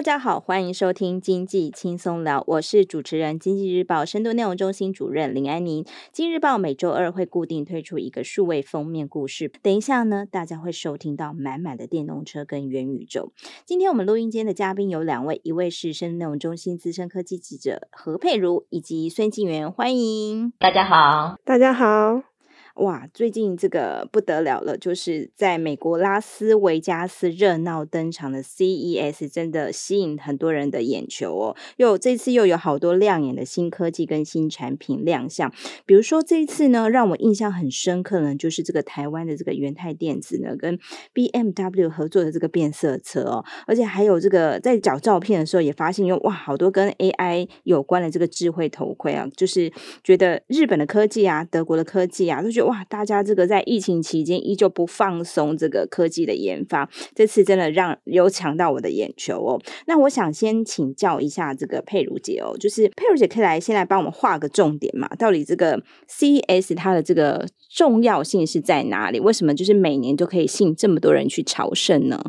大家好，歡迎收聽《經濟輕鬆聊》，我是主持人、經濟日報深度內容中心主任林安妮。經濟日報每周二會固定推出一個數位封面故事，等一下呢，大家會收聽到滿滿的電動車跟元宇宙。今天我們錄音間的嘉賓有兩位，一位是深度內容中心資深科技記者何佩儒，以及孫靖媛，歡迎。大家好，大家好。哇，最近這個不得了了，就是在美國拉斯維加斯熱鬧登場的 CES，真的吸引很多人的眼球哦。又這次又有好多亮眼的新科技跟新產品亮相，比如說這一次呢，讓我印象很深刻呢，就是這個台灣的這個元太電子呢，跟 BMW 合作的這個變色車哦，而且還有這個在找照片的時候也發現有，有哇好多跟 AI 有關的這個智慧頭盔啊，就是覺得日本的科技啊，德國的科技啊，都覺得。哇！大家這個在疫情期間依舊不放鬆這個科技的研發，這次真的讓有搶到我的眼球哦。那我想先請教一下這個佩儒姐哦，就是佩儒姐可以來先來幫我們畫個重點嘛？到底這個 CES 它的這個重要性是在哪裡？為什麼就是每年都可以吸引這麼多人去朝聖呢？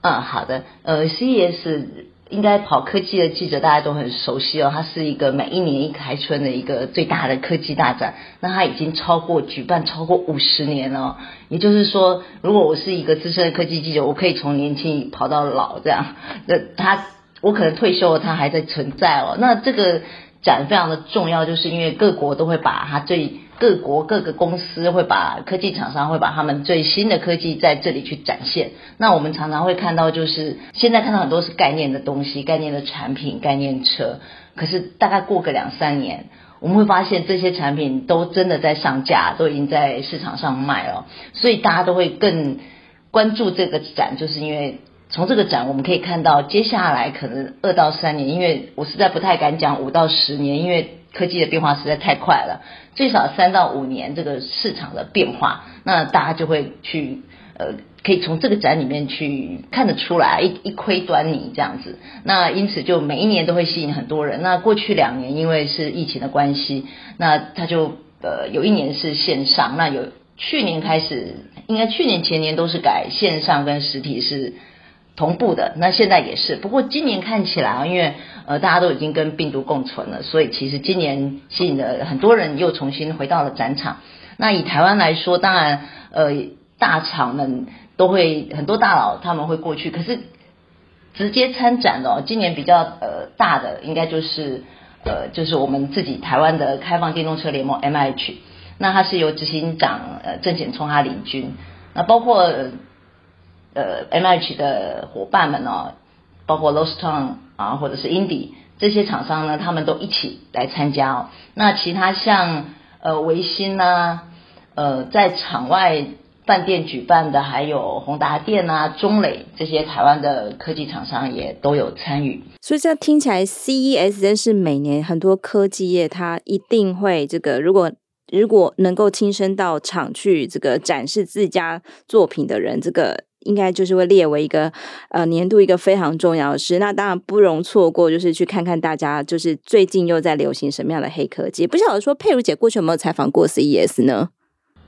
嗯、啊，好的，呃，CES。CES... 應該跑科技的記者大家都很熟悉哦，它是一個每一年一開春的一個最大的科技大展，那它已經超過舉辦超過五十年了哦，也就是說，如果我是一個資深的科技記者，我可以從年輕跑到老這樣，那他我可能退休了，他還在存在哦，那這個。展非常的重要，就是因為各國都會把它最各國各個公司會把科技廠商會把他們最新的科技在這裡去展現。那我們常常會看到，就是現在看到很多是概念的東西、概念的產品、概念車，可是大概過個兩三年，我們會發現這些產品都真的在上架，都已經在市場上賣了。所以大家都會更關注這個展，就是因為，從這個展，我們可以看到接下來可能二到三年，因為我實在不太敢講五到十年，因為科技的變化實在太快了。最少三到五年，這個市場的變化，那大家就會去呃，可以從這個展裡面去看得出來一一窺端倪這樣子。那因此就每一年都會吸引很多人。那過去兩年因為是疫情的關係，那他就呃有一年是線上，那有去年開始，應該去年前年都是改線上跟實體是。同步的，那現在也是。不過今年看起來啊，因為呃大家都已經跟病毒共存了，所以其實今年吸引了很多人又重新回到了展場。那以台灣來說，當然呃大廠們都會很多大佬他們會過去，可是直接參展的、哦、今年比較呃大的應該就是呃就是我們自己台灣的開放電動車聯盟 MIH，那它是由執行長呃鄭顯聰他領軍，那包括。呃呃，M H 的伙伴們哦，包括 Lostown 啊，或者是 Indie 這些廠商呢，他們都一起來參加哦，那其他像呃維新吶、啊，呃在場外飯店舉辦的，還有宏達電啊、中磊這些台灣的科技廠商也都有參與。所以這聽起來，CES 真是每年很多科技業，他一定會這個，如果如果能夠親身到場去這個展示自家作品的人，這個。應該就是會列為一個呃年度一個非常重要的事，那當然不容錯過，就是去看看大家就是最近又在流行什麼樣的黑科技。不曉得說佩儒姐過去有沒有採訪過 CES 呢？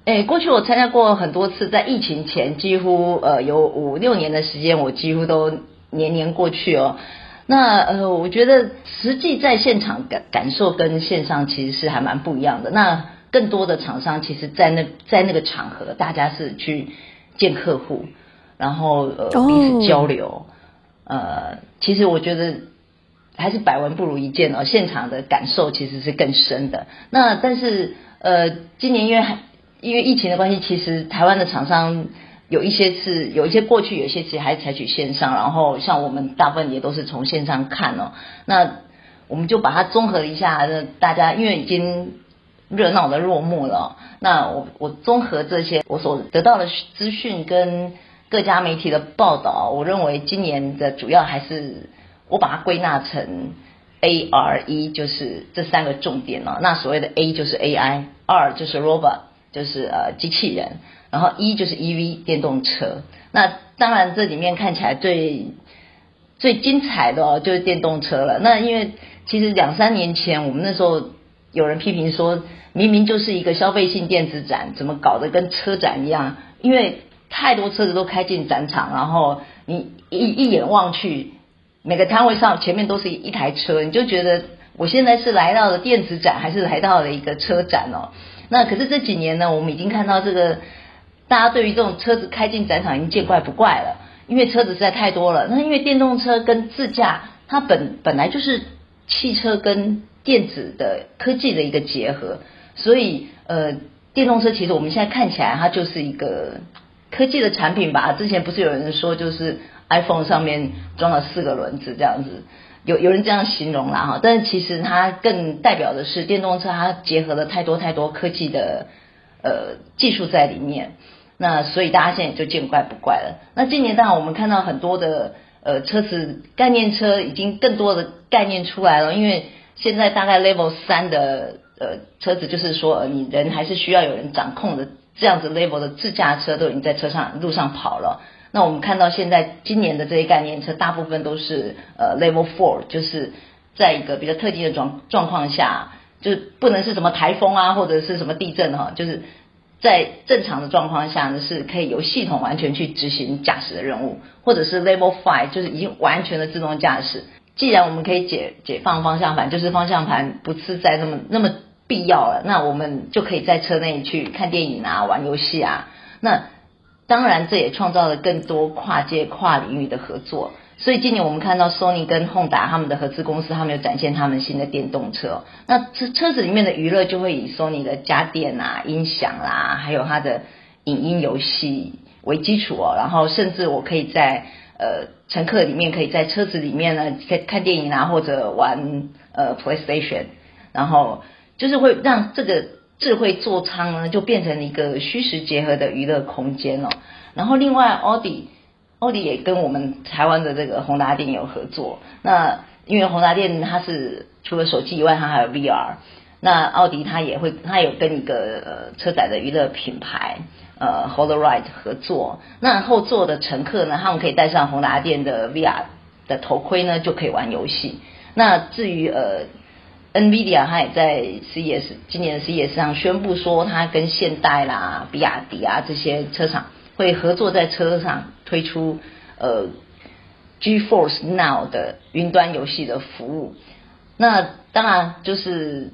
哎、欸，過去我參加過很多次，在疫情前幾乎呃有五六年的時間，我幾乎都年年過去哦。那呃，我覺得實際在現場感感受跟線上其實是還蠻不一樣的。那更多的廠商其實，在那在那個場合，大家是去見客戶。然後呃，彼此交流，oh. 呃，其實我覺得還是百聞不如一見哦，現場的感受其實是更深的。那但是呃，今年因為還因為疫情的關係，其實台灣的廠商有一些是有一些過去，有一些其實還採取線上。然後像我們大部分也都是從線上看哦。那我們就把它綜合一下，大家因為已經熱鬧的落幕了哦。那我我綜合這些我所得到的資訊跟，各家媒體的報道，我認為今年的主要還是我把它歸納成 A R E，就是這三個重點了、啊。那所謂的 A 就是 A I，R 就是 Robot，就是呃機器人，然後 E 就是 E V 電動車。那當然這裡面看起來最最精彩的哦，就是電動車了。那因為其實兩三年前我們那時候有人批評說，明明就是一個消費性電子展，怎麼搞得跟車展一樣？因為太多車子都開進展場，然後你一一眼望去，每個攤位上前面都是一台車，你就覺得我現在是來到了電子展，還是來到了一個車展哦？那可是這幾年呢，我們已經看到這個大家對於這種車子開進展場已經見怪不怪了，因為車子實在太多了。那因為電動車跟自駕，它本本來就是汽車跟電子的科技的一個結合，所以呃，電動車其實我們現在看起來它就是一個。科技的產品吧，之前不是有人說，就是 iPhone 上面裝了四個輪子這樣子，有有人這樣形容啦哈。但是其實它更代表的是電動車，它結合了太多太多科技的呃技術在裡面。那所以大家現在也就見怪不怪了。那今年當然我們看到很多的呃車子概念車已經更多的概念出來了，因為現在大概 Level 三的呃車子就是說，呃，你人還是需要有人掌控的。這樣子 level 的自駕車都已經在車上路上跑了。那我們看到現在今年的這些概念車，大部分都是呃 level four，就是在一個比較特定的狀狀況下，就是不能是什麼颱風啊或者是什麼地震哈、啊，就是在正常的狀況下呢是可以由系統完全去執行駕駛的任務，或者是 level five，就是已經完全的自動駕駛。既然我們可以解解放方向盤，就是方向盤不次在那麼那麼。必要了，那我們就可以在車內去看電影啊，玩遊戲啊。那當然，這也創造了更多跨界跨領域的合作。所以今年我們看到 Sony 跟 Honda 他們的合資公司，他們有展現他們新的電動車。那車車子裡面的娛樂就會以 Sony 的家電啊、音響啦，還有它的影音遊戲為基礎哦。然後甚至我可以在呃乘客裡面，可以在車子裡面呢，看看電影啊，或者玩呃 PlayStation，然後。就是會讓這個智慧座艙呢，就變成一個虛實結合的娛樂空間了，哦。然後另外奧迪，奧迪也跟我們台灣的這個宏達電有合作。那因為宏達電它是除了手機以外，它還有 VR。那奧迪它也會，它有跟一個車載的娛樂品牌，呃 holoride 合作。那後座的乘客呢，他們可以戴上宏達電的 VR 的頭盔呢，就可以玩遊戲。那至於呃。NVIDIA 它也在 CES 今年的 CES 上宣布說，它跟現代啦、比亞迪啊這些車廠會合作，在車上推出呃 GeForce Now 的雲端遊戲的服務。那當然就是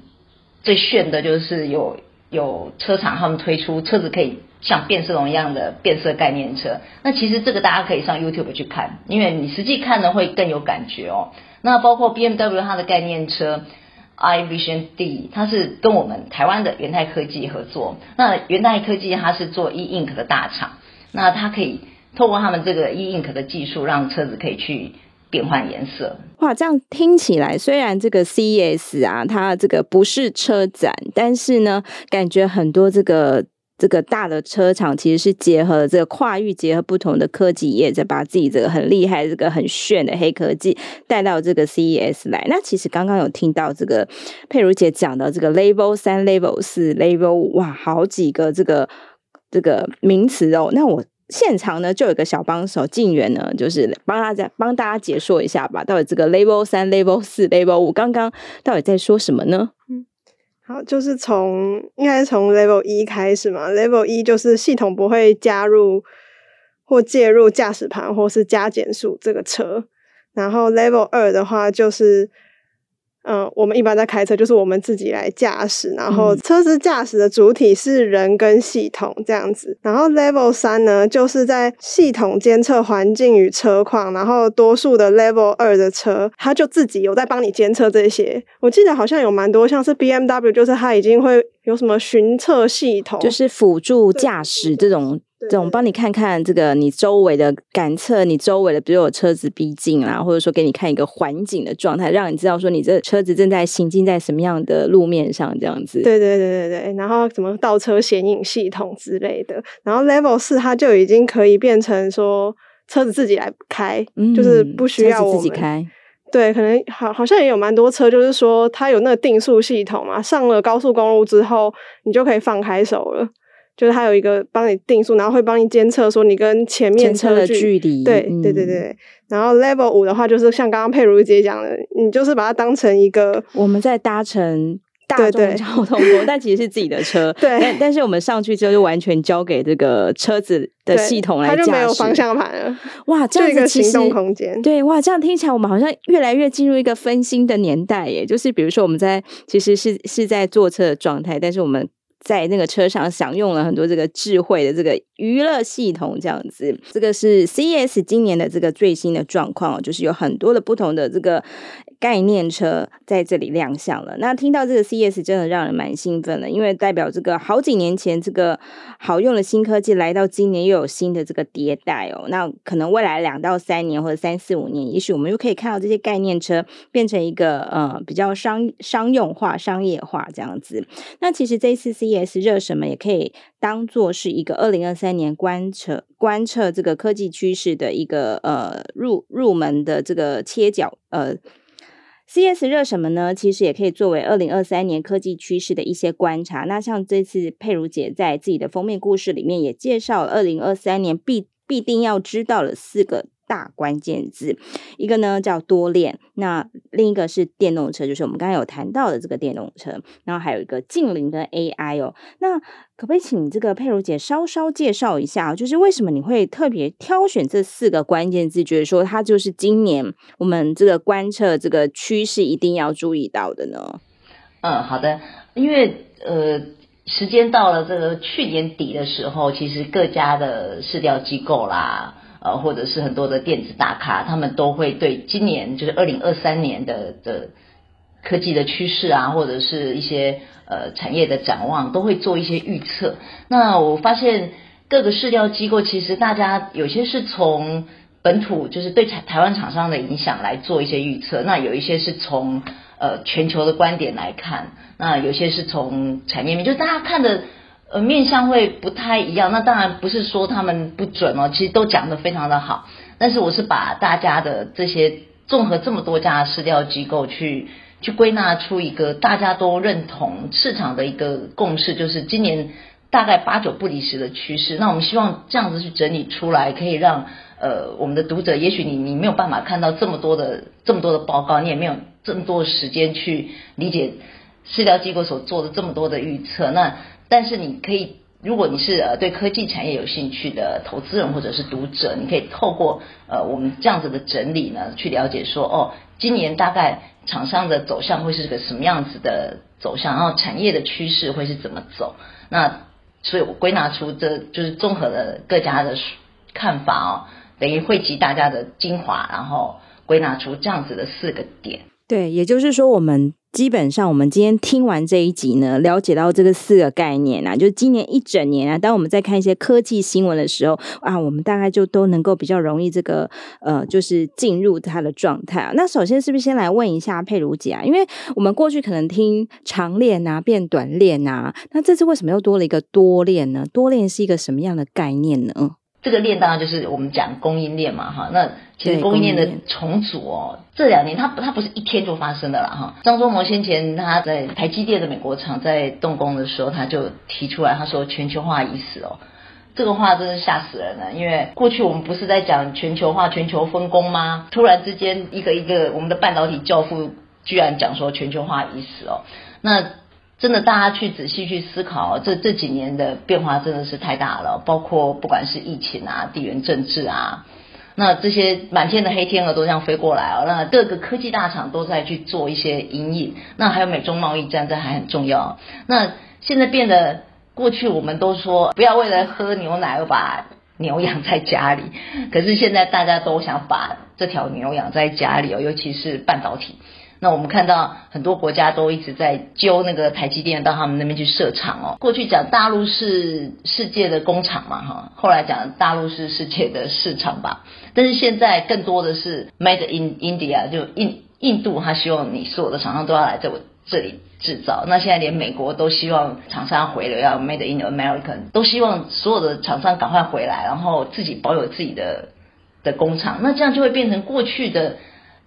最炫的就是有有車廠他們推出車子可以像變色龍一樣的變色概念車。那其實這個大家可以上 YouTube 去看，因為你實際看呢會更有感覺哦。那包括 BMW 它的概念車。iVision D，它是跟我們台灣的元太科技合作。那元太科技它是做 E Ink 的大廠，那它可以透過他們這個 E Ink 的技術，讓車子可以去變換顏色。哇，這樣聽起來，雖然這個 CES 啊，它這個不是車展，但是呢，感覺很多這個。這個大的車廠其實是結合這個跨域，結合不同的科技業，也也在把自己這個很厲害、這個很炫的黑科技帶到這個 CES 來。那其實剛剛有聽到這個佩儒姐講的這個 Level 三、Level 四、Level 五，哇，好幾個這個這個名詞哦。那我現場呢就有個小幫手靖媛呢，就是幫大家幫大家解說一下吧。到底這個 Level 三、Level 四、Level 五，剛剛到底在說什麼呢？好，就是從，應該是從 Level 一開始嘛。Level 一就是系統不會加入或介入駕駛盤，或是加減速這個車。然後 Level 二的話就是。嗯，我們一般在開車，就是我們自己來駕駛，然後車子駕駛的主體是人跟系統這樣子。然後 Level 三呢，就是在系統監測環境與車況，然後多數的 Level 二的車，它就自己有在幫你監測這些。我記得好像有蠻多，像是 BMW，就是它已經會有什麼巡測系統，就是輔助駕駛這種。對，對，對，對，對，我們幫你看看這個你周圍的感測，你周圍的，比如說有車子逼近啦、啊，或者說給你看一個環境的狀態，讓你知道說你這車子正在行進在什麼樣的路面上這樣子。對對對對對，然後什麼倒車顯影系統之類的，然後 Level 四，它就已經可以變成說車子自己來開，嗯、就是不需要我自己開。對，可能好，好像也有蠻多車，就是說它有那個定速系統嘛，上了高速公路之後，你就可以放開手了。就是它有一個幫你定速，然後會幫你監測說你跟前面車距前的距離。對、嗯、對對對。然後 Level 五的話，就是像剛剛佩儒姐講的，你就是把它當成一個我們在搭乘大眾交通工具，但其實是自己的車。 對。但但是我們上去之後就完全交給這個車子的系統來駕駛。它就沒有方向盤了。哇，這樣一個行動空間。對哇，這樣聽起來我們好像越來越進入一個分心的年代耶。就是比如說我們在其實是是在坐車的狀態，但是我們。在那個車上享用了很多這個智慧的這個娛樂系統，這樣子，這個是 CES 今年的這個最新的狀況，就是有很多的不同的這個。概念車在這裡亮相了。那聽到這個 CES，真的讓人蠻興奮的，因為代表這個好幾年前這個好用的新科技，來到今年又有新的這個迭代哦。那可能未來兩到三年或者三四五年，也許我們就可以看到這些概念車變成一個呃比較商商用化、商業化這樣子。那其實這一次 CES 熱什麼，也可以當做是一個二零二三年觀測觀測這個科技趨勢的一個呃入入門的這個切角呃。CES 熱什麼呢？其實也可以作為二零二三年科技趨勢的一些觀察。那像這次佩儒姐在自己的封面故事裡面也介紹了二零二三年必必定要知道的四個。大關鍵字，一個呢叫多鏈，那另一個是電動車，就是我們剛才有談到的這個電動車，然後還有一個淨零的 AI 哦。那可不可以請這個佩儒姐稍稍介紹一下，就是為什麼你會特別挑選這四個關鍵字，覺得說它就是今年我們這個觀測這個趨勢一定要注意到的呢？嗯，好的，因為呃，時間到了這個去年底的時候，其實各家的市調機構啦，呃，或者是很多的電子大咖，他們都會對今年就是二零二三年的的科技的趨勢啊，或者是一些呃產業的展望，都會做一些預測。那我發現各個市調機構其實大家有些是從本土，就是對台台灣廠商的影響來做一些預測，那有一些是從呃全球的觀點來看，那有些是從產業面，就大家看的。呃，面向會不太一樣。那當然不是說他們不準哦，其實都講得非常的好。但是我是把大家的這些，綜合這麼多家市調機構去去歸納出一個大家都認同市場的一個共識，就是今年大概八九不離十的趨勢。那我們希望這樣子去整理出來，可以讓呃我們的讀者，也許你你沒有辦法看到這麼多的這麼多的報告，你也沒有這麼多時間去理解市調機構所做的這麼多的預測。那但是你可以，如果你是呃對科技產業有興趣的投資人或者是讀者，你可以透過呃我們這樣子的整理呢，去了解說哦，今年大概廠商的走向會是個什麼樣子的走向，然後產業的趨勢會是怎麼走。那所以我歸納出這就是綜合了各家的看法哦，等於匯集大家的精華，然後歸納出這樣子的四個點。對，也就是說我們。基本上，我們今天聽完這一集呢，了解到這個四個概念啊，就是今年一整年啊，當我們在看一些科技新聞的時候啊，我們大概就都能夠比較容易這個呃，就是進入它的狀態啊。那首先是不是先來問一下佩儒姐啊？因為我們過去可能聽長鏈啊、變短鏈啊，那這次為什麼又多了一個多鏈呢？多鏈是一個什麼樣的概念呢？這個鏈當然就是我們講供應鏈嘛，哈，那其實供應鏈的重組哦，這兩年它它不是一天就發生的啦。哈、哦。張忠謀先前他在台積電的美國廠在動工的時候，他就提出來，他說全球化已死哦，這個話真是嚇死人了，因為過去我們不是在講全球化、全球分工嗎？突然之間一個一個我們的半導體教父居然講說全球化已死哦，那。真的，大家去仔細去思考，這這幾年的變化真的是太大了。包括不管是疫情啊、地緣政治啊，那這些滿天的黑天鵝都這樣飛過來哦。那各個科技大廠都在去做一些因應。那還有美中貿易戰，這還很重要。那現在變得，過去我們都說不要為了喝牛奶而把牛養在家裡，可是現在大家都想把這條牛養在家裡哦，尤其是半導體。那我們看到很多國家都一直在揪那個台積電到他們那邊去設廠哦。過去講大陸是世界的工廠嘛，哈，後來講大陸是世界的市場吧。但是現在更多的是 Made in India，就印印度，他希望你所有的廠商都要來在我這裡製造。那現在連美國都希望廠商回流，要 Made in American，都希望所有的廠商趕快回來，然後自己保有自己的的工廠。那這樣就會變成過去的。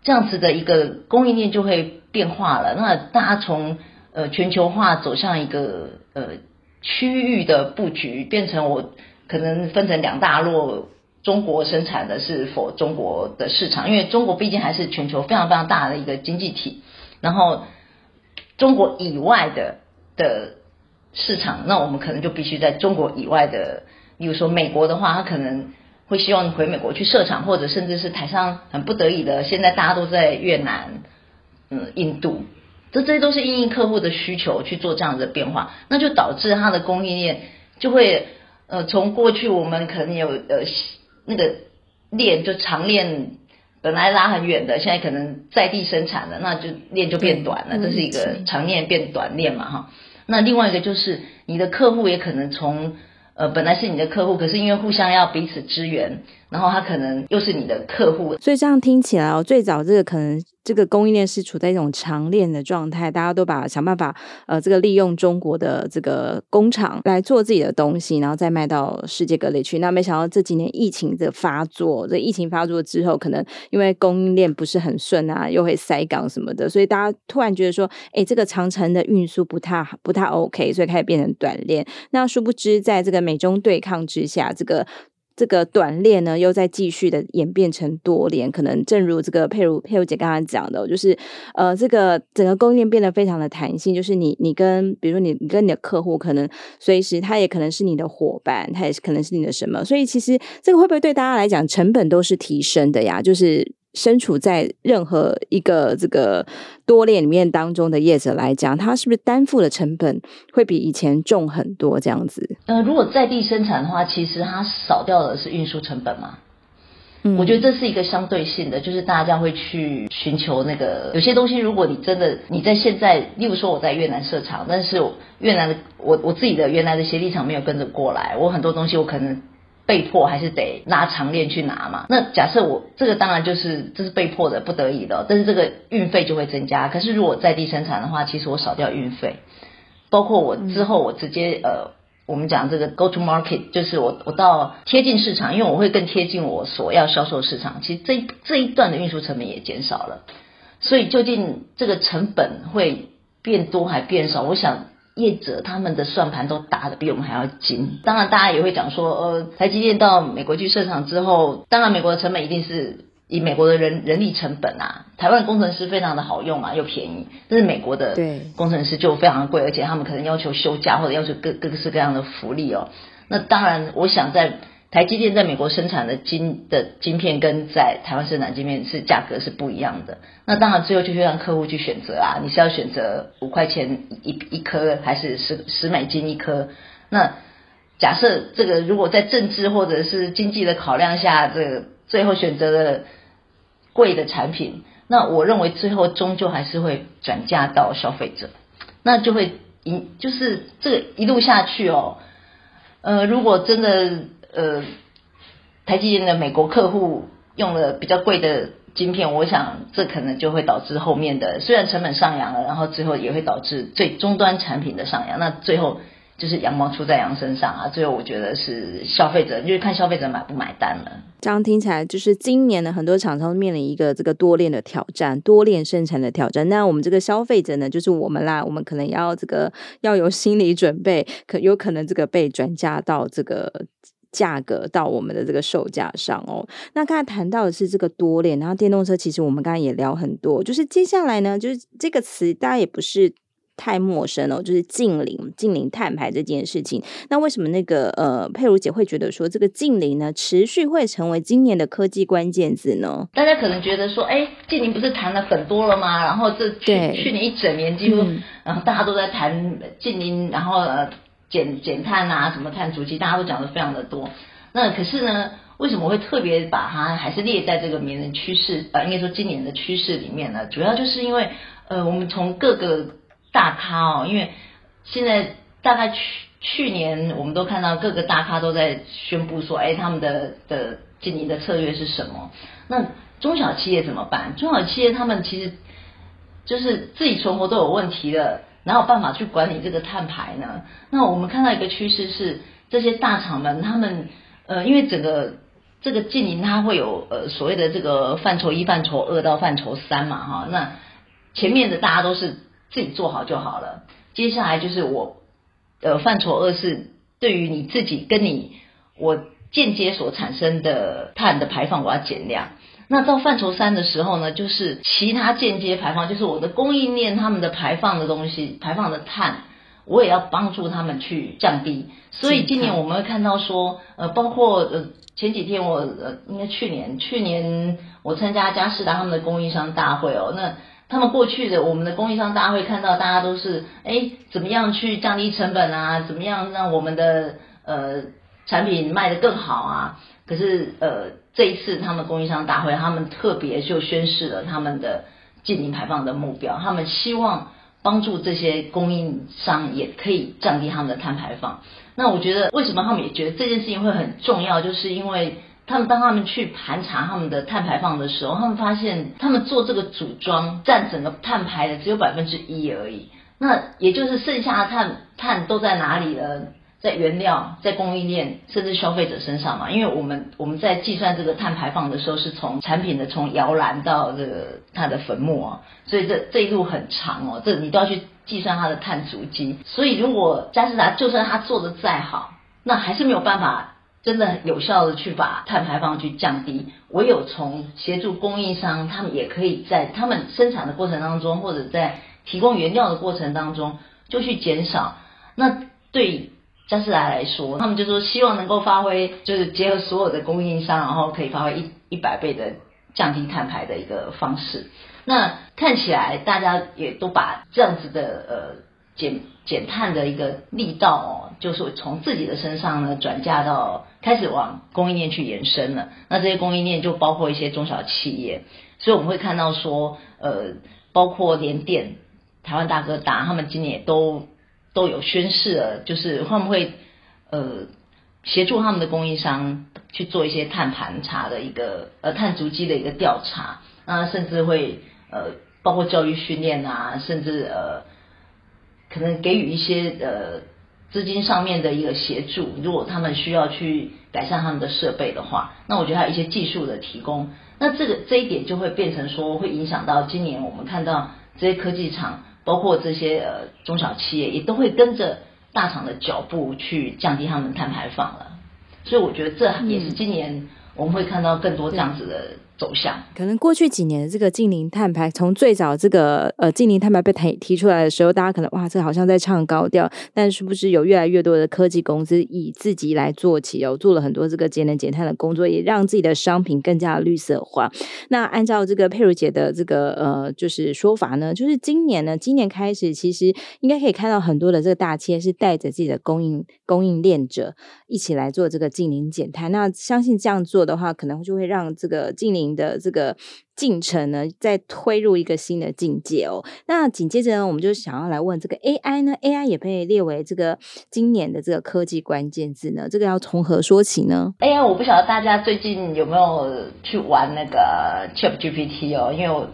這樣子的一個供應鏈就會變化了。那大家從呃全球化走向一個呃區域的布局，變成我可能分成兩大落，中國生產的是否中國的市場？因為中國畢竟還是全球非常非常大的一個經濟體。然後中國以外的的市場，那我們可能就必須在中國以外的，比如說美國的話，它，可能會希望你回美國去設廠，或者甚至是台商很不得已的，現在大家都在越南、嗯、印度，這這些都是因應客戶的需求去做這樣子的變化，那就導致它的供應鏈就會呃從過去我們可能有呃那個鏈就長鏈本來拉很遠的，現在可能在地生產了，那就鏈就變短了，這是一個長鏈變短鏈嘛哈、嗯。那另外一個就是你的客戶也可能從。呃，本來是你的客戶，可是因為互相要彼此支援。然後他可能又是你的客戶，所以這樣聽起來哦，哦最早這個可能這個供應鏈是處在一種長鏈的狀態，大家都把想辦法呃，這個利用中國的這個工廠來做自己的東西，然後再賣到世界各地去。那沒想到這幾年疫情的發作，這疫情發作之後，可能因為供應鏈不是很順啊，又會塞港什麼的，所以大家突然覺得說，哎，這個長程的運輸不太不太 OK，所以開始變成短鏈。那殊不知，在這個美中對抗之下，這個。這個短鏈呢，又再繼續的演變成多鏈，可能正如這個佩儒佩儒姐剛剛講的，就是呃，這個整個供應鏈變得非常的彈性，就是你你跟比如你你跟你的客戶，可能隨時他也可能是你的夥伴，他也可能是你的什麼，所以其實這個會不會對大家來講成本都是提升的呀？就是。身處在任何一個這個多鏈裡面當中的業者來講，他是不是擔負的成本會比以前重很多？這樣子？嗯、呃，如果在地生產的話，其實它少掉的是運輸成本嘛？嗯，我覺得這是一個相對性的，就是大家會去尋求那個有些東西。如果你真的你在現在，例如說我在越南設廠，但是越南的我我自己的原來的協力廠沒有跟着過來，我很多東西我可能。被迫還是得拉長鏈去拿嘛。那假設我這個當然就是這是被迫的，不得已的哦。但是這個運費就會增加。可是如果在地生產的話，其實我少掉運費，包括我之後我直接呃，我們講這個 go to market，就是我我到貼近市場，因為我會更貼近我所要銷售市場。其實這這一段的運輸成本也減少了。所以究竟這個成本會變多還變少？我想。業者他們的算盤都打得比我們還要精，當然大家也會講說，呃，台積電到美國去設廠之後，當然美國的成本一定是以美國的人人力成本啊，台灣工程師非常的好用啊，又便宜，但是美國的工程師就非常貴，而且他們可能要求休假或者要求各、各各式各樣的福利哦，那當然我想在。台積電在美國生產的晶的晶片跟在台灣生產晶片是價格是不一樣的。那當然最後就會讓客戶去選擇啊，你是要選擇五塊錢一一，一顆還是十十美金一顆？那假設這個如果在政治或者是經濟的考量下，這個最後選擇了貴的產品，那我認為最後終究還是會轉嫁到消費者，那就會一就是這個一路下去哦，呃，如果真的。呃，台積電的美國客戶用了比較貴的晶片，我想這可能就會導致後面的雖然成本上揚了，然後最後也會導致最終端產品的上揚。那最後就是羊毛出在羊身上啊！最後我覺得是消費者，就是看消費者買不買單了。這樣聽起來，就是今年的很多廠商面臨一個這個多鏈的挑戰，多鏈生產的挑戰。那我們這個消費者呢，就是我們啦，我們可能要這個要有心理準備，可有可能這個被轉嫁到這個。價格到我們的這個售價上哦。那剛才談到的是這個多鏈，然後電動車其實我們剛才也聊很多，就是接下來呢，就是這個詞大家也不是太陌生哦，就是“淨零”“淨零”碳排這件事情。那為什麼那個呃佩儒姐會覺得說這個“淨零”呢，持續會成為今年的科技關鍵字呢？大家可能覺得說，哎、欸，淨零不是談了很多了嗎？然後這去對去年一整年幾乎，嗯、然後大家都在談淨零，然後呃。減減碳啊，什麼碳足跡，大家都講的非常的多。那可是呢，為什麼會特別把它還是列在這個明年趨勢啊，呃，應該說今年的趨勢裡面呢？主要就是因為，呃，我們從各個大咖哦，因為現在大概去去年，我們都看到各個大咖都在宣布說，哎，他們的的今年的策略是什麼？那中小企業怎麼辦？中小企業他們其實就是自己存活都有問題的。哪有辦法去管理這個碳排呢？那我們看到一個趨勢是，這些大廠們，他們呃，因為整個這個經營它會有呃所謂的這個範疇一、範疇二到範疇三嘛，哈、哦，那前面的大家都是自己做好就好了，接下來就是我呃範疇二是對於你自己跟你我間接所產生的碳的排放，我要減量。那到範疇三的時候呢，就是其他間接排放，就是我的供應鏈他們的排放的東西，排放的碳，我也要幫助他們去降低。所以今年我們會看到說，呃，包括呃前幾天我呃，應該去年去年我參加加士達他們的供應商大會哦、喔，那他們過去的我們的供應商大會看到大家都是誒、欸、怎麼樣去降低成本啊，怎麼樣讓我們的呃。產品賣得更好啊！可是呃，這一次他們供應商大會，他們特別就宣示了他們的淨零排放的目標。他們希望幫助這些供應商也可以降低他們的碳排放。那我覺得為什麼他們也覺得這件事情會很重要，就是因為他們當他們去盤查他們的碳排放的時候，他們發現他們做這個組裝佔整個碳排的只有百分之一而已。那也就是剩下的碳碳都在哪裡了？在原料、在供應鏈，甚至消費者身上嘛，因為我們我們在計算這個碳排放的時候，是從產品的從搖籃到這個它的墳墓啊、哦，所以這這一路很長哦，這你都要去計算它的碳足跡。所以如果加士達就算它做的再好，那還是沒有辦法真的有效的去把碳排放去降低。唯有從協助供應商，他們也可以在他們生產的過程當中，或者在提供原料的過程當中，就去減少那對。佳世達來說，他們就說希望能夠發揮，就是結合所有的供應商，然後可以發揮一一百倍的降低碳排的一個方式。那看起來大家也都把這樣子的呃減減碳的一個力道哦，就是從自己的身上呢轉嫁到開始往供應鏈去延伸了。那這些供應鏈就包括一些中小企業，所以我們會看到說，呃，包括聯電、台灣大哥大，他們今年也都。都有宣示了，就是會不會呃協助他們的供應商去做一些碳盤查的一個呃碳足跡的一個調查，那甚至會呃包括教育訓練啊，甚至呃可能給予一些呃資金上面的一個協助，如果他們需要去改善他們的設備的話，那我覺得還有一些技術的提供，那這個這一點就會變成說會影響到今年我們看到這些科技廠。包括這些呃中小企業也都會跟着大廠的腳步去降低他們碳排放了，所以我覺得這也是今年我們會看到更多這樣子的。走向，可能過去幾年的這個近零碳排，從最早這個呃近零碳排被提提出來的時候，大家可能哇，這好像在唱高調，但是不是有越來越多的科技公司以自己來做起哦，做了很多這個節能減碳的工作，也讓自己的商品更加綠色化。那按照這個佩儒姐的這個呃就是說法呢，就是今年呢，今年開始其實應該可以看到很多的這個大企業是帶着自己的供應供應鏈者一起來做這個近零減碳。那相信這樣做的話，可能就會讓這個近零的這個進程呢，再推入一個新的境界哦。那緊接着呢，我們就想要來問這個 AI 呢，AI 也被列為這個今年的這個科技關鍵字呢，這個要從何說起呢？AI 我不曉得大家最近有沒有去玩那個 Chat GPT 哦，因為我，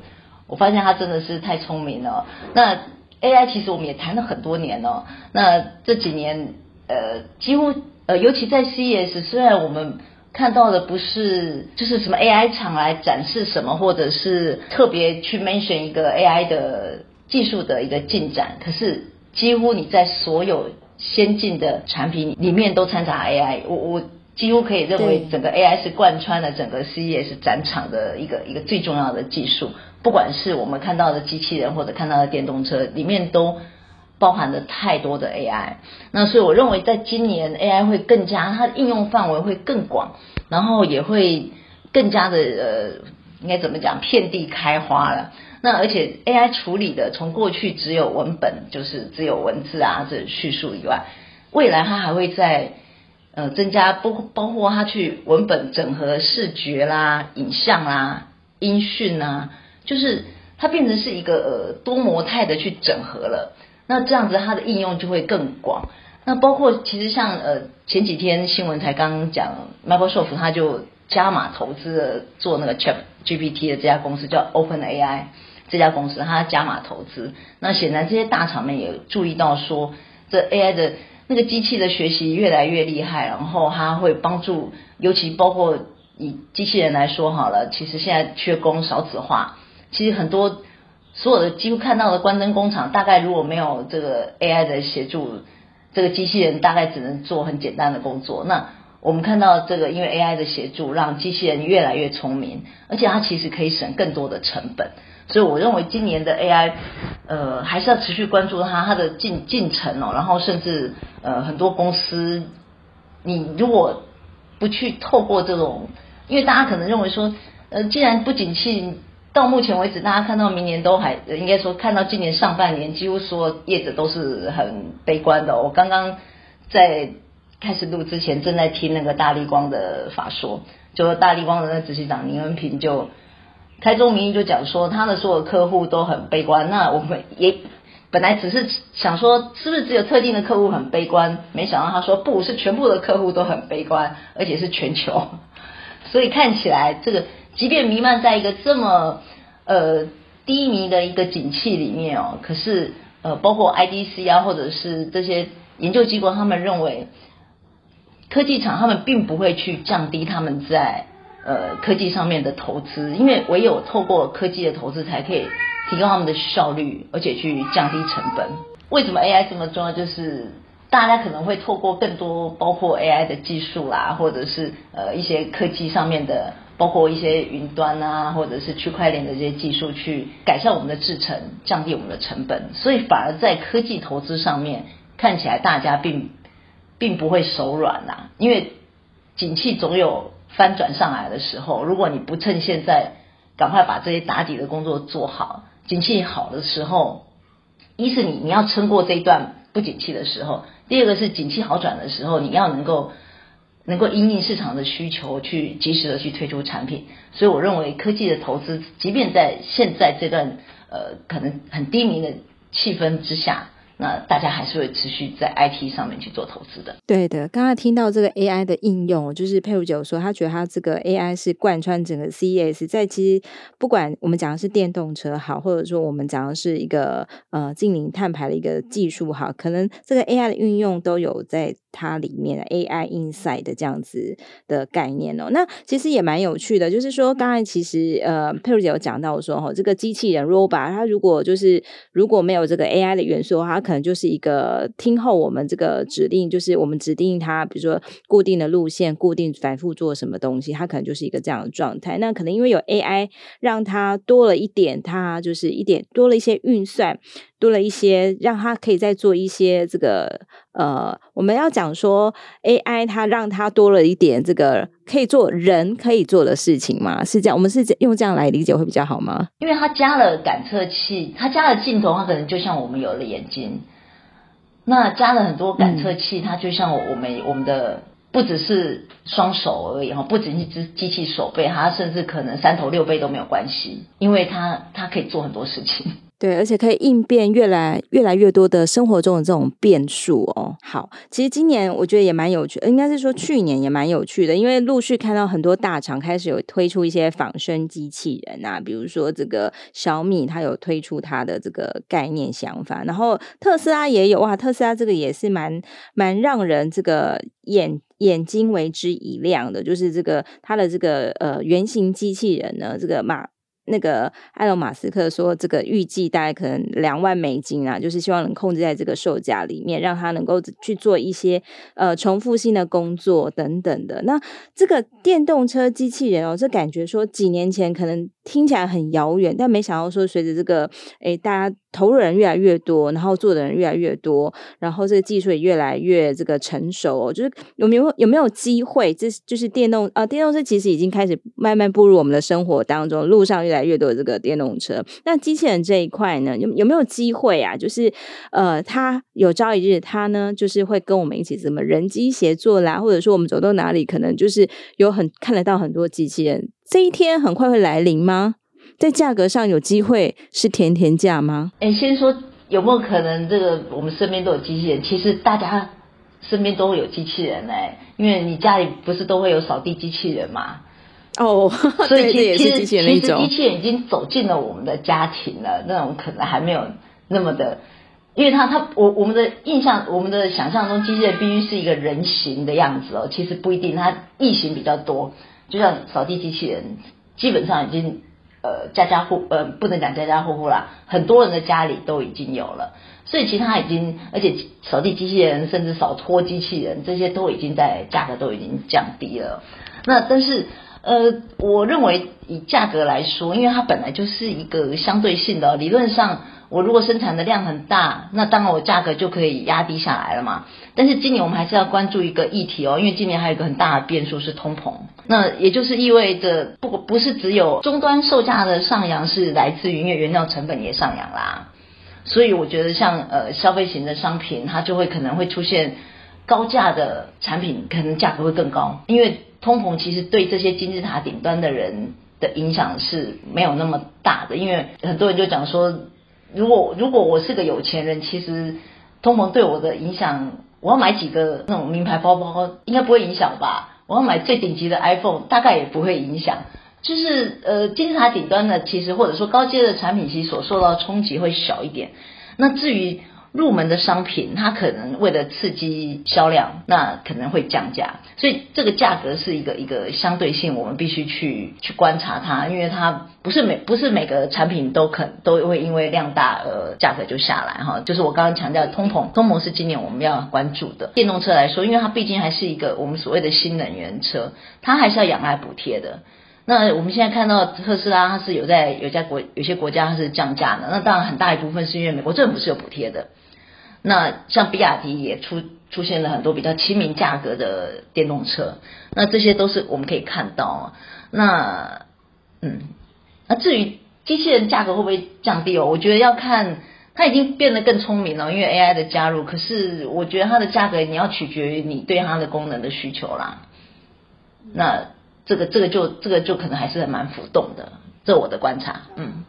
我發現它真的是太聰明了。那 AI 其實我們也談了很多年了哦，那這幾年呃，幾乎呃，尤其在 CES 雖然我們。看到的不是就是什麼 AI 廠來展示什麼，或者是特別去 mention 一個 AI 的技術的一個進展。可是幾乎你在所有先進的產品裡面都摻雜 AI，我我幾乎可以認為整個 AI 是貫穿了整個 CES 展場的一個一個最重要的技術。不管是我們看到的機器人或者看到的電動車裡面都。包含了太多的 AI，那所以我認為，在今年 AI 會更加，它的應用範圍會更廣，然後也會更加的呃，應該怎麼講，遍地開花了。那而且 AI 處理的，從過去只有文本，就是只有文字啊這敘述以外，未來它還會再呃增加，包包括它去文本整合視覺啦、影像啦、音訊啊，就是它變成是一個呃多模態的去整合了。那這樣子，它的應用就會更廣。那包括其實像呃前幾天新聞才剛講，Microsoft 它就加碼投資了做那個 ChatGPT 的這家公司叫 OpenAI 這家公司，它加碼投資。那顯然這些大廠們也注意到說，這 AI 的那個機器的學習越來越厲害，然後它會幫助，尤其包括以機器人來說好了，其實現在缺工少子化，其實很多。所有的幾乎看到的關燈工廠，大概如果沒有這個 AI 的協助，這個機器人大概只能做很簡單的工作。那我們看到這個，因為 AI 的協助，讓機器人越來越聰明，而且它其實可以省更多的成本。所以我認為今年的 AI，呃，還是要持續關注它它的進進程哦、喔。然後甚至呃很多公司，你如果不去透過這種，因為大家可能認為說，呃，既然不景氣。到目前為止，大家看到明年都還應該說看到今年上半年，幾乎所有業者都是很悲觀的哦。我剛剛在開始錄之前，正在聽那個大立光的法說，就說大立光的那執行長林恩平就開宗明義就講說，他的所有客戶都很悲觀。那我們也本來只是想說，是不是只有特定的客戶很悲觀？沒想到他說不是，全部的客戶都很悲觀，而且是全球。所以看起來這個。即便瀰漫在一個這麼呃低迷的一個景氣裡面哦，可是呃，包括 IDC 啊，或者是這些研究機構，他們認為科技廠，他們並不會去降低他們在呃科技上面的投資，因為唯有透過科技的投資，才可以提高他們的效率，而且去降低成本。為什麼 AI 這麼重要？就是大家可能會透過更多包括 AI 的技術啦、啊，或者是呃一些科技上面的。包括一些雲端啊，或者是區塊鏈的這些技術，去改善我們的制程，降低我們的成本，所以反而在科技投資上面，看起來大家並並不會手軟吶、啊。因為景氣總有翻轉上來的時候，如果你不趁現在趕快把這些打底的工作做好，景氣好的時候，一是你你要撐過這一段不景氣的時候，第二個是景氣好轉的時候，你要能夠。能夠因應市場的需求去及時的去推出產品，所以我認為科技的投資，即便在現在這段呃可能很低迷的氣氛之下，那大家還是會持續在 I T 上面去做投資的。對的，剛剛聽到這個 A I 的應用，就是佩儒姐說，他覺得他這個 A I 是貫穿整個 C E S，在其實不管我們講的是電動車好，或者說我們講的是一個呃淨零碳排的一個技術好，可能這個 A I 的運用都有在。它裡面的 AI inside 的這樣子的概念哦，那其實也蠻有趣的。就是說，剛才其實呃佩儒姐有講到說，說這個機器人 robot，它如果就是如果沒有這個 AI 的元素，它可能就是一個聽候我們這個指令，就是我們指定它，比如說固定的路線，固定反覆做什麼東西，它可能就是一個這樣的狀態。那可能因為有 AI，讓它多了一點，它就是一點多了一些運算。多了一些，讓他可以再做一些這個呃，我們要講說 AI，它讓他多了一點這個可以做人可以做的事情嗎？是這樣，我們是用這樣來理解會比較好嗎？因為它加了感測器，它加了鏡頭，它可能就像我們有了眼睛。那加了很多感測器，它、嗯、就像我們我們的不只是雙手而已哈，不僅一隻機器手背，它甚至可能三頭六臂都沒有關係，因為它它可以做很多事情。對，而且可以應變越來越來越多的生活中的這種變數哦。好，其實今年我覺得也蠻有趣，應該是說去年也蠻有趣的，因為陸續看到很多大廠開始有推出一些仿生機器人啊，比如說這個小米，它有推出它的這個概念想法，然後特斯拉也有啊，特斯拉這個也是蠻蠻讓人這個眼眼睛為之一亮的，就是這個它的這個呃原型機器人呢，這個嘛。那個埃隆·馬斯克說：“這個預計大概可能兩萬美金啊，就是希望能控制在這個售價裡面，讓他能夠去做一些呃重複性的工作等等的。那這個電動車機器人哦，這感覺說幾年前可能聽起來很遙遠，但沒想到說隨着這個，誒大家。”投入人越來越多，然後做的人越來越多，然後這個技術也越來越這個成熟哦。就是有沒有有沒有機會？這就是電動啊，呃，電動車其實已經開始慢慢步入我們的生活當中，路上越來越多的這個電動車。那機器人這一塊呢，有有沒有機會啊？就是呃，它有朝一日，它呢就是會跟我們一起怎麼人機協作啦，或者說我們走到哪裡，可能就是有很看得到很多機器人。這一天很快會來臨嗎？在價格上有機會是甜甜價嗎？哎、欸，先說有沒有可能這個我們身邊都有機器人？其實大家身邊都會有機器人嘞、欸，因為你家裡不是都會有掃地機器人嘛？哦，所以其實對對對，也是機器人那種。其實機器人已經走進了我們的家庭了。那種可能還沒有那麼的，因為他他，我我們的印象我們的想象中機器人必須是一個人形的樣子哦，其實不一定，他異形比較多，就像掃地機器人基本上已經。呃，家家戶，呃，不能講家家戶戶啦，很多人的家裡都已經有了，所以其他已經，而且掃地機器人甚至掃拖機器人這些都已經在，價格都已經降低了。那但是呃，我認為以價格來說，因為它本來就是一個相對性的，理論上。我如果生產的量很大，那當然我價格就可以壓低下來了嘛。但是今年我們還是要關注一個議題哦，因為今年還有一個很大的變數是通膨。那也就是意味着不不是，只有終端售價的上揚是來自於，因為原料成本也上揚啦。所以我覺得像呃消費型的商品，它就會可能會出現高價的產品，可能價格會更高。因為通膨其實對這些金字塔頂端的人的影響是沒有那麼大的，因為很多人就講說。如果如果我是個有錢人，其實通膨對我的影響，我要買幾個那種名牌包包，應該不會影響吧？我要買最頂級的 iPhone，大概也不會影響。就是呃金字塔頂端的，其實或者說高階的產品，其實所受到衝擊會小一點。那至於。入門的商品，它可能為了刺激銷量，那可能會降價，所以這個價格是一個一個相對性，我們必須去去觀察它，因為它不是每不是每個產品都肯都會因為量大而價格就下來哈。就是我剛剛強調，通膨通膨是今年我們要關注的。電動車來說，因為它畢竟還是一個我們所謂的新能源車，它還是要仰賴補貼的。那我們現在看到特斯拉，它是有在有在國有些國家它是降價的，那當然很大一部分是因為美國政府是有補貼的。那像比亞迪也出出現了很多比較親民價格的電動車，那這些都是我們可以看到。那嗯，那至於機器人價格會不會降低哦？我覺得要看它已經變得更聰明了哦，因為 AI 的加入。可是我覺得它的價格你要取決於你對它的功能的需求啦。那這個這個就這個就可能還是蠻浮動的，這我的觀察。嗯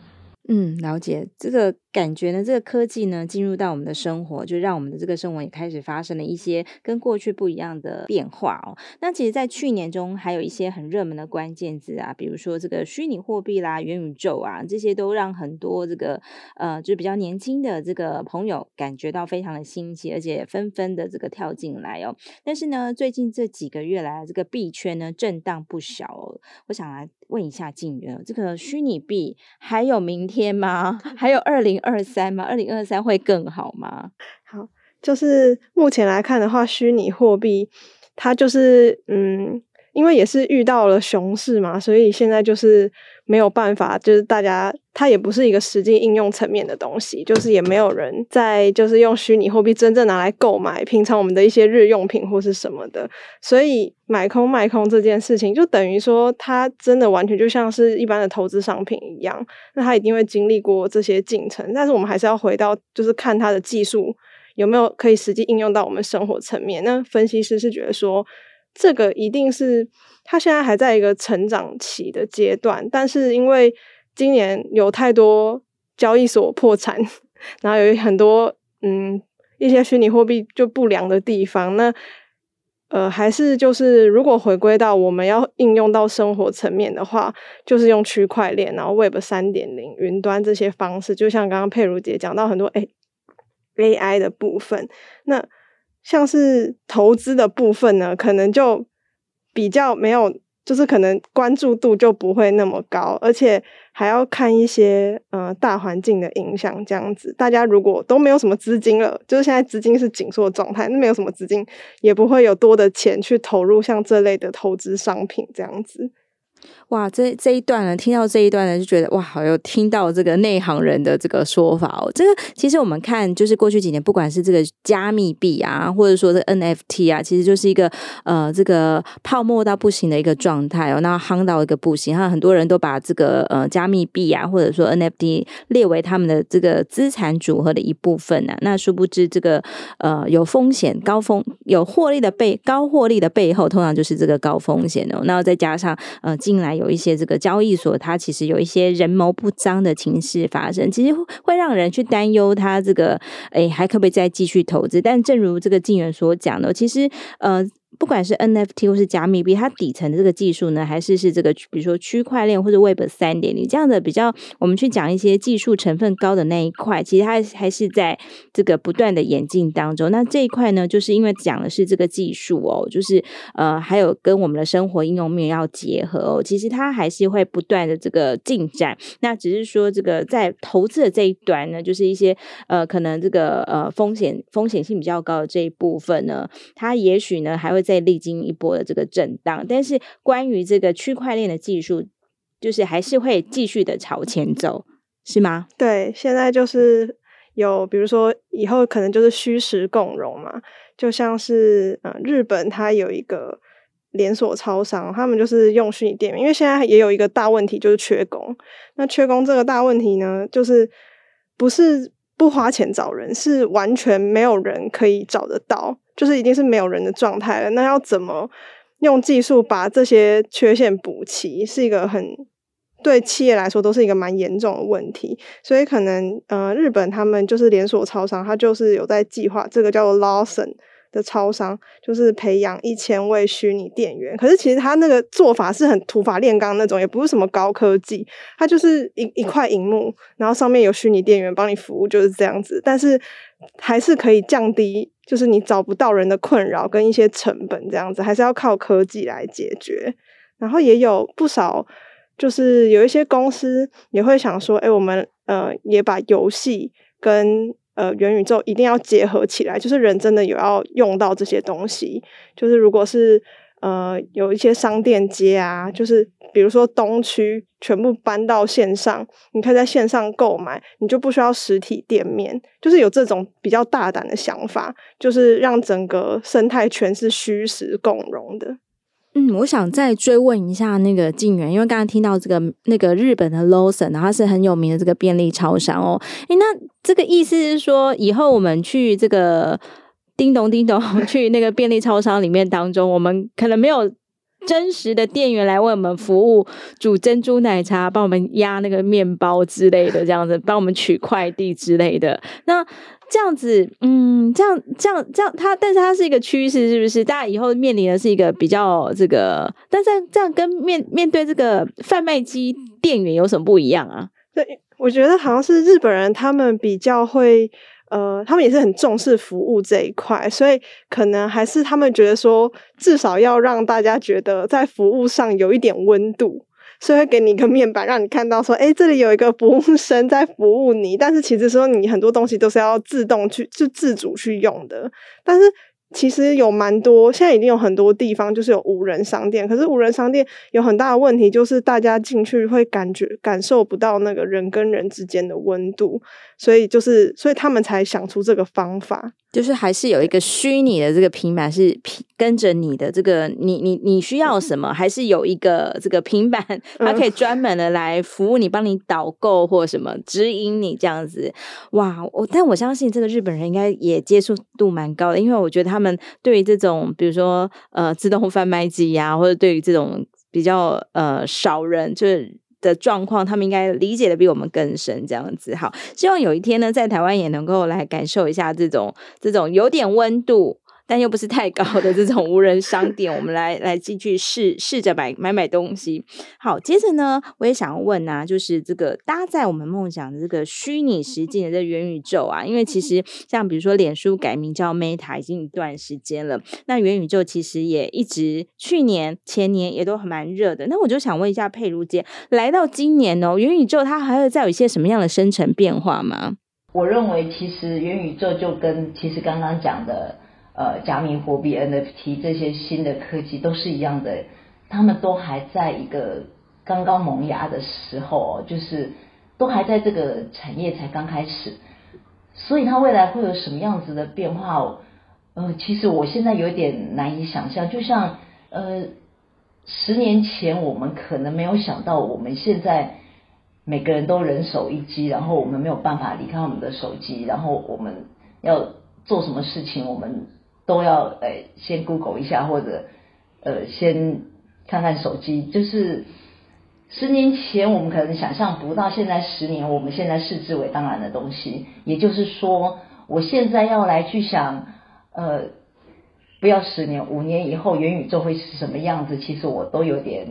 嗯，了解這個。感覺呢，這個科技呢，進入到我們的生活，就讓我們的這個生活也開始發生了一些跟過去不一樣的變化哦。那其實，在去年中還有一些很熱門的關鍵字啊，比如說這個虛擬貨幣啦、元宇宙啊，這些都讓很多這個呃，就比較年輕的這個朋友感覺到非常的新奇，而且紛紛的這個跳進來哦。但是呢，最近這幾個月來，這個幣圈呢震盪不小哦。我想來問一下靖媛，這個虛擬幣還有明天嗎？還有二零。二三嘛，二零二三會更好嗎？好，就是目前來看的話，虛擬貨幣它就是嗯，因為也是遇到了熊市嘛，所以現在就是。沒有辦法，就是大家，它也不是一個實際應用層面的東西，就是也沒有人在就是用虛擬貨幣真正拿來購買平常我們的一些日用品或是什麼的，所以買空賣空這件事情就等於說，它真的完全就像是一般的投資商品一樣，那它一定會經歷過這些進程。但是我們還是要回到，就是看它的技術有沒有可以實際應用到我們生活層面。那分析師是覺得說。這個一定是他現在還在一個成長期的階段，但是因為今年有太多交易所破產，然後有很多嗯一些虛擬貨幣就不良的地方。那呃，還是就是如果回歸到我們要應用到生活層面的話，就是用區塊鏈，然後 Web 三點零、雲端這些方式，就像剛剛佩儒姐講到很多誒，AI 的部分，那。像是投資的部分呢，可能就比較沒有，就是可能關注度就不會那麼高，而且還要看一些呃大環境的影響這樣子。大家如果都沒有什麼資金了，就是現在資金是緊縮狀態，那沒有什麼資金，也不會有多的錢去投入像這類的投資商品這樣子。哇，這這一段呢，聽到這一段呢，就覺得哇，好有聽到這個內行人的這個說法哦。這個其實我們看，就是過去幾年，不管是這個加密幣啊，或者說是 NFT 啊，其實就是一個呃，這個泡沫到不行的一個狀態哦，那夯到一個不行。那很多人都把這個呃加密幣啊，或者說 NFT 列為他們的這個資產組合的一部分呢、啊。那殊不知這個呃有風險高風有獲利的背高獲利的背後，通常就是這個高風險哦。那再加上呃近來。有一些這個交易所，它其實有一些人謀不臧的情勢發生，其實會讓人去擔憂它這個，誒，還可不可以再繼續投資？但正如這個靖媛所講的，其實，呃。不管是 NFT 或是加密幣，它底層的這個技術呢，還是是這個比如說區塊鏈或者 Web 三點零這樣的比較，我們去講一些技術成分高的那一塊，其實它還是在這個不斷的演進當中。那這一塊呢，就是因為講的是這個技術哦，就是呃，還有跟我們的生活應用面要結合哦，其實它還是會不斷的這個進展。那只是說這個在投資的這一端呢，就是一些呃，可能這個呃風險風險性比較高的這一部分呢，它也許呢還會。在歷經一波的這個震盪，但是關於這個區塊鏈的技術，就是還是會繼續的朝前走，是嗎？對，現在就是有，比如說以後可能就是虛實共融嘛，就像是、呃、日本，它有一個連鎖超商，他們就是用虛擬店面，因為現在也有一個大問題就是缺工，那缺工這個大問題呢，就是不是不花錢找人，是完全沒有人可以找得到。就是一定是沒有人的狀態了，那要怎麼用技術把這些缺陷補齊，是一個很對企業來說都是一個蠻嚴重的問題。所以可能，呃，日本他們就是連鎖超商，他就是有在計劃這個叫做 Lawson 的超商，就是培養一千位虛擬店員。可是其實他那個做法是很土法煉鋼那種，也不是什麼高科技，他就是一一塊螢幕，然後上面有虛擬店員幫你服務，就是這樣子。但是。還是可以降低，就是你找不到人的困擾，跟一些成本這樣子，還是要靠科技來解決。然後也有不少，就是有一些公司也會想說，哎、欸，我們呃也把遊戲跟呃元宇宙一定要結合起來，就是人真的有要用到這些東西，就是如果是。呃，有一些商店街啊，就是比如說東區全部搬到線上，你可以在線上購買，你就不需要實體店面，就是有這種比較大膽的想法，就是讓整個生態圈是虛實共融的。嗯，我想再追問一下那個靖媛，因為剛剛聽到這個那個日本的 Lawson，然後是很有名的這個便利超商哦。誒，那這個意思是說，以後我們去這個。叮咚，叮咚！去那個便利超商裡面當中，我們可能沒有真實的店員來為我們服務，煮珍珠奶茶，幫我們壓那個麵包之類的，這樣子，幫我們取快遞之類的。那這樣子，嗯，這樣，這樣，這樣，它，但是它是一個趨勢，是不是？大家以後面臨的是一個比較這個，但是這樣跟面面對這個販賣機店員有什麼不一樣啊？對，我覺得好像是日本人，他們比較會。呃，他們也是很重視服務這一塊，所以可能還是他們覺得說，至少要讓大家覺得在服務上有一點溫度，所以會給你一個面板，讓你看到說，欸，這裡有一個服務生在服務你，但是其實說你很多東西都是要自動去就自主去用的，但是。其實有蠻多，現在已經有很多地方就是有無人商店，可是無人商店有很大的問題，就是大家進去會感覺感受不到那個人跟人之間的溫度，所以就是所以他們才想出這個方法，就是還是有一個虛擬的這個平板是跟着你的這個，你你你需要什麼，還是有一個這個平板它可以專門的來服務你，幫你導購或什麼指引你這樣子，哇，我但我相信這個日本人應該也接觸度蠻高的，因為我覺得他。他們對於這種，比如說，呃，自動販賣機呀、啊，或者對於這種比較呃少人就是的狀況，他們應該理解的比我們更深，這樣子。好，希望有一天呢，在台灣也能夠來感受一下這種這種有點溫度。但又不是太高的這種無人商店， 我們來來進去試試着買買買東西。好，接着呢，我也想問啊，就是這個搭載我們夢想的這個虛擬實境的這元宇宙啊，因為其實像比如說臉書改名叫 Meta 已經一段時間了，那元宇宙其實也一直去年前年也都蠻熱的。那我就想問一下佩儒姐，來到今年哦、喔，元宇宙它還會再有一些什麼樣的生成變化嗎？我認為其實元宇宙就跟其實剛剛講的。呃，加密貨幣 NFT 這些新的科技都是一樣的，他們都還在一個剛剛萌芽的時候，就是都還在這個產業才剛開始，所以它未來會有什麼樣子的變化？呃，其實我現在有點難以想象。就像呃，十年前我們可能沒有想到，我們現在每個人都人手一機，然後我們沒有辦法離開我們的手機，然後我們要做什麼事情，我們都要哎、欸，先 Google 一下，或者呃，先看看手機。就是十年前我們可能想象不到，現在十年我們現在視之為當然的東西。也就是說，我現在要來去想呃，不要十年五年以後元宇宙會是什麼樣子，其實我都有點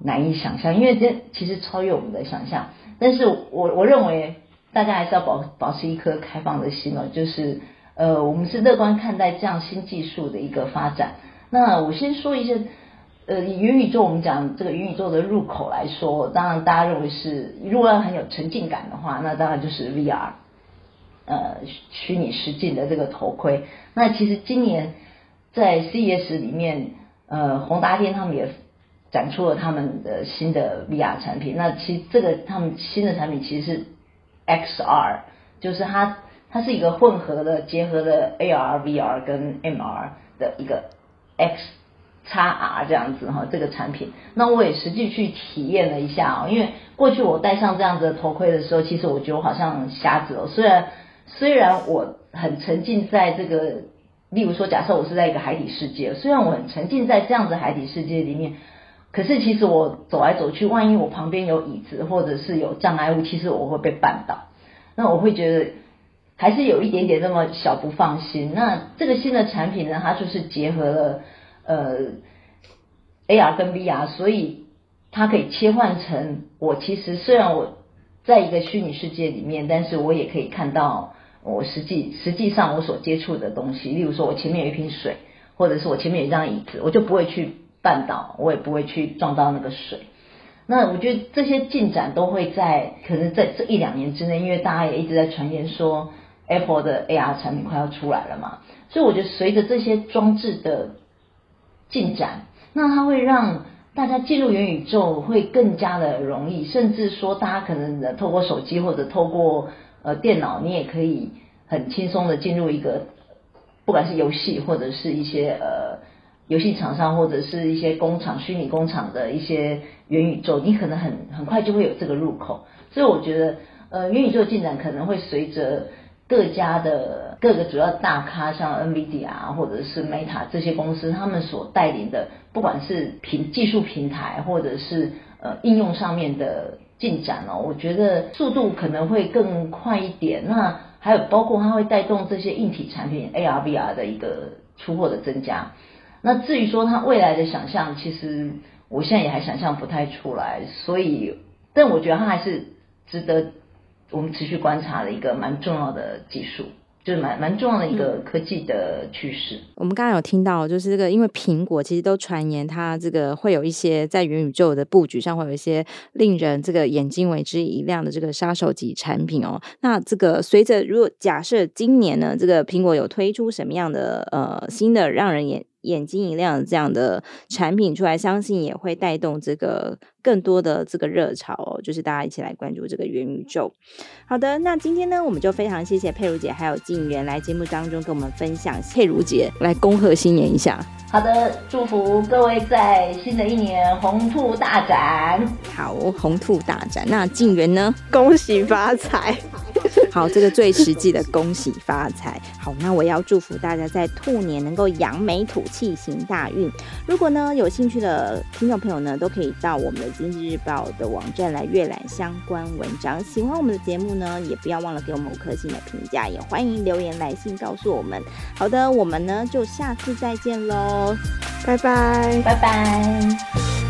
難以想象，因為這其實超越我們的想象。但是我我認為大家還是要保保持一顆開放的心哦，就是。呃，我們是樂觀看待這樣新技術的一個發展。那我先說一些，呃，以元宇宙，我們講這個元宇宙的入口來說，當然大家認為是如果要很有沉浸感的話，那當然就是 VR，呃，虛擬實境的這個頭盔。那其實今年在 CES 裡面，呃，宏達電他們也展出了他們的新的 VR 產品。那其實這個他們新的產品其實是 XR，就是它。它是一個混合的結合的 AR VR 跟 MR 的一個 X x R 這樣子哈，這個產品。那我也實際去體驗了一下啊，哦，因為過去我戴上這樣子的頭盔的時候，其實我覺得我好像瞎子哦。雖然雖然我很沉浸在這個，例如說，假設我是在一個海底世界，雖然我很沉浸在這樣子海底世界裡面，可是其實我走來走去，萬一我旁邊有椅子或者是有障礙物，其實我會被絆倒。那我會覺得。還是有一點點那麼小不放心。那這個新的產品呢，它就是結合了呃 AR 跟 VR，所以它可以切換成我其實雖然我在一個虛擬世界裡面，但是我也可以看到我實際實際上我所接觸的東西。例如說，我前面有一瓶水，或者是我前面有一張椅子，我就不會去絆倒，我也不會去撞到那個水。那我覺得這些進展都會在可能在這一兩年之內，因為大家也一直在傳言說。Apple 的 AR 產品快要出來了嘛？所以我覺得隨着這些裝置的進展，那它會讓大家進入元宇宙會更加的容易，甚至說大家可能能透過手機或者透過呃電腦，你也可以很輕鬆的進入一個，不管是遊戲或者是一些呃遊戲廠商或者是一些工廠虛擬工廠的一些元宇宙，你可能很很快就會有這個入口。所以我覺得呃元宇宙的進展可能會隨着。各家的各個主要大咖，像 NVIDIA 啊，或者是 Meta 這些公司，他們所帶領的，不管是平技術平台，或者是呃應用上面的進展哦，我覺得速度可能會更快一點。那還有包括它會帶動這些硬體產品 ARVR 的一個出貨的增加。那至於說它未來的想象，其實我現在也還想象不太出來，所以但我覺得它還是值得。我們持續觀察的一個蠻重要的技術，就是蠻蠻重要的一個科技的趨勢。嗯、我們剛剛有聽到，就是這個，因為蘋果其實都傳言它這個會有一些在元宇宙的布局上會有一些令人這個眼睛為之一亮的這個殺手級產品哦。那這個隨着如果假設今年呢，這個蘋果有推出什麼樣的呃新的讓人眼。眼睛一亮，這樣的產品出來，相信也會帶動這個更多的這個熱潮哦。就是大家一起來關注這個元宇宙。好的，那今天呢，我們就非常謝謝佩儒姐還有靖媛來節目當中跟我們分享。佩儒姐，來恭賀新年一下。好的，祝福各位在新的一年紅兔大展。好，紅兔大展。那靖媛呢？恭喜發財。 好，這個最實際的恭喜發財。好，那我要祝福大家在兔年能夠揚眉吐氣行大運。如果呢，有興趣的聽眾朋友呢，都可以到我們的經濟日報的網站來閱覽相關文章。喜歡我們的節目呢，也不要忘了給我們五顆星的評價，也歡迎留言來信告訴我們。好的，我們呢就下次再見嘍，拜拜，拜拜。